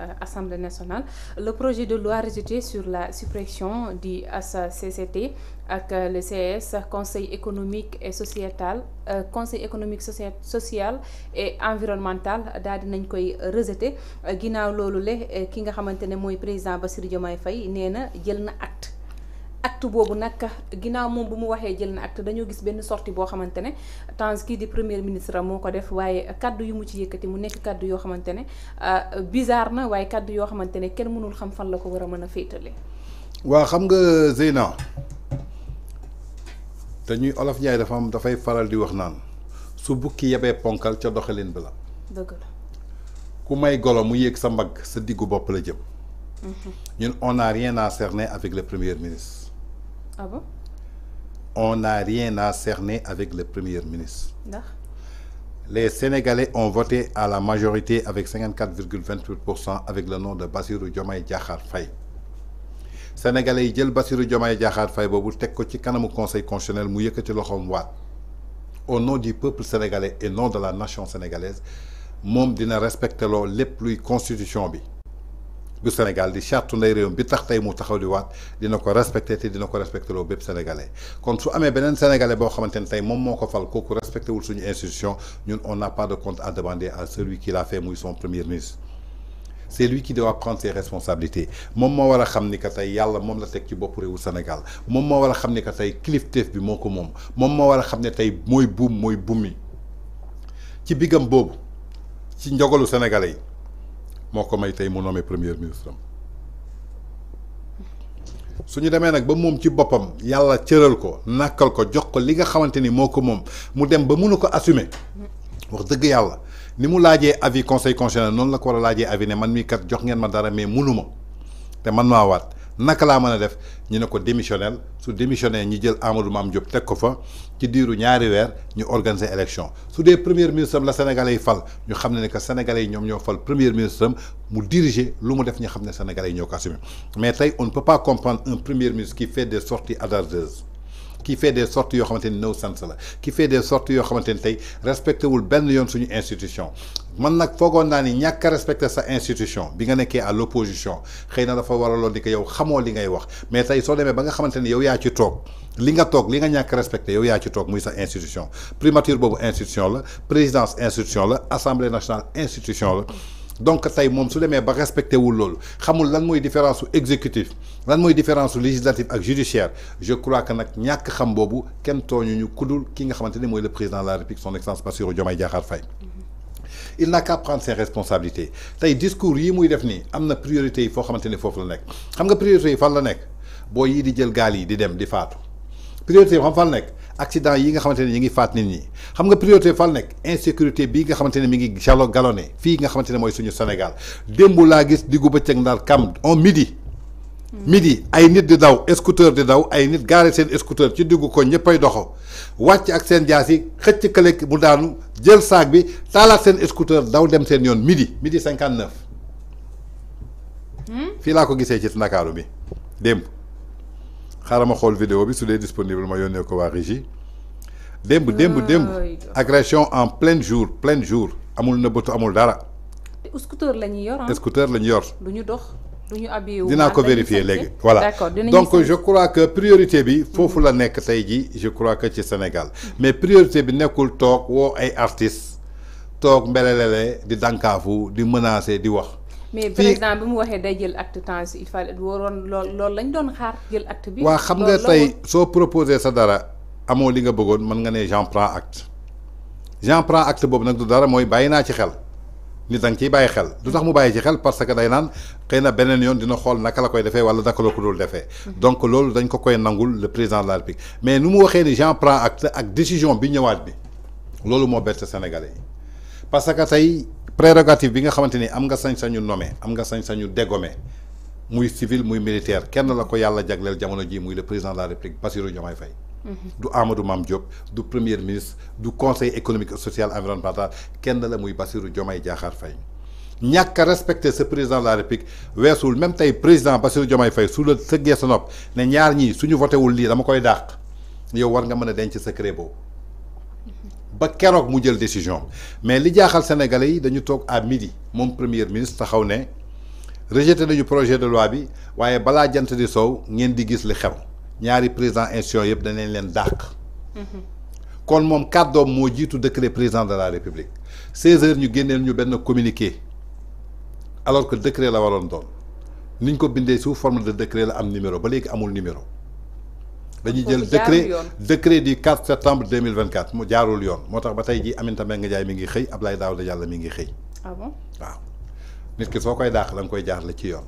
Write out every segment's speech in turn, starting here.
Euh, Assemblée nationale le projet de loi rejeté sur la suppression du HCCT avec euh, le CS, conseil économique et sociétal euh, conseil économique social et environnemental daal dinañ koy rejeté ginnaaw loolu le ki nga xamante ne président de Diomaye Faye nee jël acte boobu nag ginnaaw moom bu mu waxee jël na acte dañoo gis benn sortie boo xamante ne temps kii di premier ministre moo ko def waaye kaddu yu mu ci yëkkati mu nekk kàddu yoo xamante ne euh, bizarre na waaye kàddu yoo xamante ne kenn mënul xam fan la ko war a mën a féetale waa xam nga Zeyna dañuy olof Njaay dafa am dafay faral di wax naan su bukki yebee ponkal ca doxalin bi la ku may golo mu yéeg sa mbagg sa diggu bopp la jëm mhm. ñun on n'a rien à cerner avec le premier Ah On n'a rien à cerner avec le Premier ministre. Les Sénégalais ont voté à la majorité avec 54,28% avec le nom de Basirou Diomaye Diakhar Faye. Sénégalais yi Basirou Diomaye Faye conseil constitutionnel au nom du peuple sénégalais et nom de la nation sénégalaise je respecte respecter le plus luy constitution du Sénégal di charte ndey réewam bi tax tay mu taxaw di waat dina ko respecté te dina ko respecté loo bépp sénégalais kon su amé benen sénégalais bo xamante tay mom moko fal koku respecter wul suñu institution ñun on n'a pas de compte à demander à celui qui l'a fait muy son premier ministre. c'est lui qui doit prendre ses responsabilités mom mo war xamni ka tay yalla, mom la tek ci bop réewu Sénégal mom mo war xamni ka tay que tef bi moko mom mom mo moo xamni tay moy boum moy mooy bummi ci bigam bobu ci njogalu sénégalais moo ko may tey mu nommé premier ministre am su ñu demee nag ba moom ci boppam yàlla cëral ko nàkkal ko jox ko li nga xamante ni moo ko moom mu dem ba mënu ko assumé wax dëgg yàlla ni mu laajee avis conseil constitutionnel noonu la ko war a laajee avis ne man mii kat jox ngeen ma dara mais mënu ma te man maa waat Nous avons def ñu ne ko démissionnel su démissionné ñu jël Amadou mam Diop nous ko fa ci diiru ñaari ñu organiser élection premier ministre sénégalais Fall, fal ñu xam que sénégalais premier ministre diriger lu def ñu xam sénégalais mais on ne peut pas comprendre un premier ministre qui fait des sorties hasardeuses qui fait des sorties yo xamanteni no sens la qui fait des sorties yo xamanteni tay respecté wul ben yon suñu institution man nak foogoon naa ni ñàkk a respecté sa institution bi nga nekké à l'opposition xeyna dafa wara waraloon ni que yow xamoo li ngay wax mais ça so démé ba nga xamanteni ni yow ya ci tok li nga tok li nga ñak respecté yow ya ci tok muy sa institution primature bobu institution la présidence institution la assemblée nationale institution la donc tey moom su demee ba respecté wul loolu xamul lan mooy différence su exécutif lan mooy différence su législatif ak judiciaire je crois que nak ñàkk xam boobu kenn tooñuñu kudul ki nga xamante ne le président de la république son excellence Bassirou Diomaye Diakhar Faye il n'a qu'à prendre ses responsabilités tey discours yi muy def nii am priorité yi foo xamante ne foofu la nekk xam nga priorité yi fan la nekk boo yii di jël gaal yi di dem di faatu priorité yi xam fan la nekk accident yi nga xamante ne ñi ngi faat nit ñi xam nga priorité fal nekk insécurité bi nga xamante ne mi ngi jalo galone fii nga xamante ne mooy suñu Sénégal démb laa gis diggu bëccëg ndar kam on midi midi ay nit di daw scooter di daw ay nit gaare seen scooter ci diggu ko ñëppay doxo wàcc ak seen jaas yi xëcc kële mu daanu jël saag bi taalaat seen scooter daw dem seen yoon midi midi cinquante neuf hmm? fii laa ko gisee ci Ndakaaru bi démb xaaral ma vidéo bi su disponible ma yone ko wa régie demb demb ah, demb agression en plein jour plein jour amul nëbbatu amul dara. scooter la yor yor ah. scooter la yor. duñu dox duñu ñu dina ko vérifier légui voilà donc je crois que priorité bi fofu la nek tey ji je crois que ci Sénégal mais priorité bi nekul tok wo ay artistes tok mbelelele di dankafu di menacer di wax. mais président bi mu waxee day jël acte temps il fallait waroon lool loolu lañ doon xaar jël acte bi. waa xam nga tey soo proposé sa dara amoo li nga bëggoon mën nga ne j'en prends acte j'en prends acte boobu nag du dara mooy bàyyi naa ci xel nit da nga ciy bàyyi xel du tax mu bàyyi ci xel parce que day naan xëy na beneen yoon dina xool naka la koy defee wala naka la ko dul defee. donc loolu dañ ko koy nangul le président de la République mais nu mu waxee ni j'en prends acte ak décision bi ñëwaat bi loolu moo bett Sénégalais yi parce que tey. prérogative bi nga xamante ni am nga sañ-sañu nommé am nga sañ-sañu dégommé muy civil muy militaire kenn la ko yàlla jagleel jamono jii muy le président de la république Bassirou Diomaye Faye mm-hmm. du Amadou maam Diop du premier ministre du conseil économique social environnemental kenn la muy Bassirou Diomaye Diakhar Faye ñàkk a sa président de la république weesul même tey président Bassirou Diomaye Faye su la sëggee sa nopp ne ñaar ñii suñu voté wul lii dama koy dàq yow war nga mën a denc secret boobu ba kérok mu jël décision mais li jaaxal sénégalais yi dañu toog à midi moom premier ministre taxaw ne rejeté nañu projet de loi bi waaye balaa jant di sow ngeen di gis li xew ñaari président institution yëpp danañ leen dàq. kon moom kàddoom moo jiitu décret président de la république 16 heures ñu génneel ñu benn communiqué alors que décret la waroon doon niñ ko bindee sous forme de décret la am numéro ba léegi amul numéro. dañuy jël décret décret du 4 septembre 2024 mu jaarul yoon moo tax ba tey jii Aminata Mbengue Ndiaye mi ngi xëy Abdoulaye Daouda yàlla mi ngi xëy. ah bon waaw nit ki soo koy dàq da nga koy jaarale ci yoon.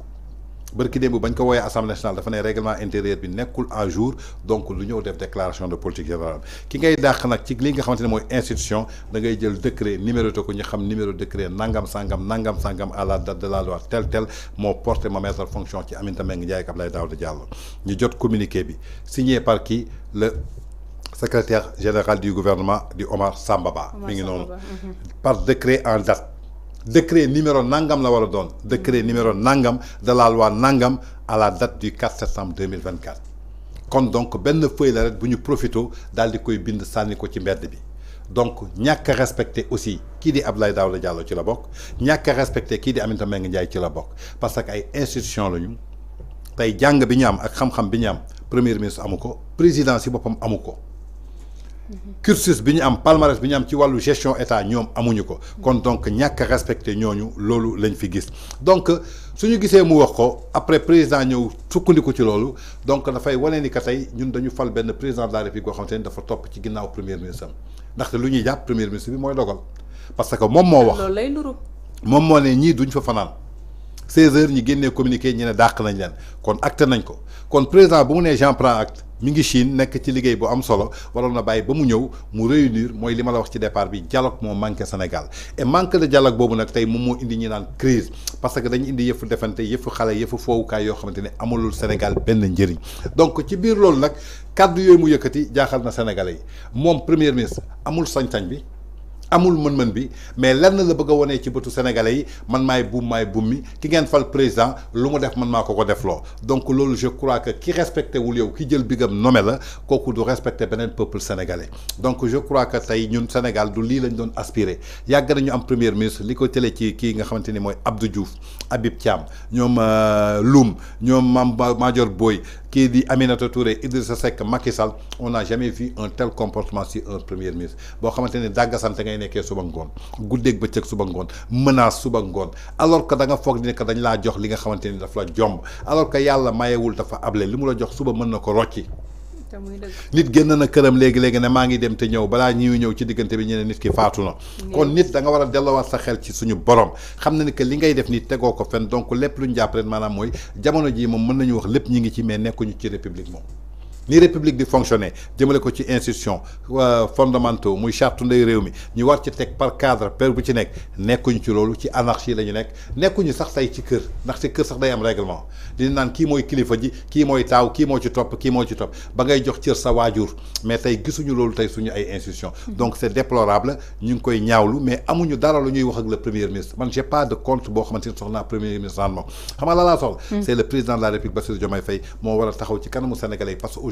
bërki démb bañ ko woowee assemblée nationale dafa ne règlement intérieur bi nekkul à jour donc lu ñëw def déclaration de politique générale ki ngay dàq nag ci li nga xamante ne mooy institution da ngay jël décret numéro ko ñu xam numéro décret nangam sangam nangam sangam à la date de la loi tel tel moo porté ma mettre fonction ci Aminata Mbengue Ndiaye ak Abdoulaye Daouda Diallo ñu jot communiqué bi signé par qui le secrétaire général du gouvernement du Omar Sambaba, mi ngi noonu mhm. par décret en date décret numéro nangam la war don décret numéro nangam de la loi nangam à la date du 4 septembre 2024 kon donc ben feuille la rek bu profito dal di koy bind sànni ko ci mbedd bi donc ñak a aussi ki di Abdoulaye Daouda Diallo ci la bok ñak a ki di Aminta Meng Ndiaye ci la bok parce que ay institution lañu tay jang jàng bi ñu am ak xam-xam bi am premier ministre amuko président si bopam amuko cursus biñu am palmarès biñu am ci walu gestion état ñom amuñu ko kon donc ñak respecter ñoñu lolu lañ fi gis donc suñu gisee mu wax ko après président ñew sukkandiku ci lolu donc dafay wane ni ka tay ñun dañu fal ben président de la république ko xamante ni dafa top ci ginnaw premier ministre ndax ndaxte lu ñuy jàpp premier ministre bi moy dogal parce que mom mo wax lolu lay nuru mom mo ne ñi duñ fa fanal 16 heures ñi génnee communiqué ñu ne dàq nañ leen kon acte nañ ko kon président bu mu nee j'en prends acte mi ngi Chine nekk ci liggéey bu am solo waroon na bàyyi ba mu ñëw mu réunir mooy li ma la wax ci départ bi dialogue moo manqué Sénégal et manque de dialogue boobu nag tey moom moo indi ñi naan crise parce que dañu indi yëfu defante yëfu xale yëfu foowukaay yoo xamante ne amalul Sénégal benn njëriñ donc ci biir loolu nag kàddu yooyu mu yëkkati jaaxal na Sénégalais moom premier ministre amul sañ bi. amul mën-mën bi mais lenn la bëgg a wone ci bëtu sénégalais yi man maay buum maay buum mi ki ngeen fal président lu mu def man maa ko donc loolu je crois que ki respecté wul yow ki jël bigam nommé la kooku du respecté beneen peuple sénégalais donc je crois que tey ñun Sénégal du lii lañ doon aspiré yàgg nañu am premier ministre li ko tële ci kii nga xamante ni mooy Abdou Diouf Habib Thiam ñoom euh, Loum ñoom pas major boy qui dit Aminata Touré, Idrissa Seck, Macky Sall, on n'a jamais vu un tel comportement sur un premier ministre. bo xamanteni dagga sante ngay nekké suba ngone goudé ak bëcëk suba ngone menace suba ngone alors que da nga fogg ni que dañ la jox li nga xamanteni daf la jom alors que yalla mayewul dafa ablé limu la jox suba mën na ko rocci nit génn na këram léegi léegi ne maa ngi dem te ñëw balaa ñuy ñëw ci diggante bi ñu nit ki faatu na. kon nit da nga war a delloowaat sa xel ci suñu borom xam na ni que li ngay def nii tegoo ko fen donc lépp lu ñu maanaam mooy jamono jii moom mën nañu wax lépp ñi ngi ci mais nekkuñu ci république moom. ni république di fonctionner jëmale ko ci institution euh, fondamentaux muy charte ndey réew mi ñu war ci tek par cadre per bu ci nek nekkuñu ci lolu ci anarchie lañu nek nekk sax tey ci kër ndax ci kër sax day am règlement di naan ki moy kilifa ji ki moy taw ki mo ci top ki mo ci top ba ngay jox cër sa wajur mais tay gisuñu lolu tay suñu ay institution hmm. donc c'est déplorable ñu ngi koy ñaawlu mais amuñu dara lu ñuy wax ak le premier ministre man j'ai pas de compte bo xamanteni soxna premier ministre rendement xam nga la la soxla hmm. c'est le président de la république Bassirou Diomaye fay mo war taxaw ci kanamu sénégalais parce que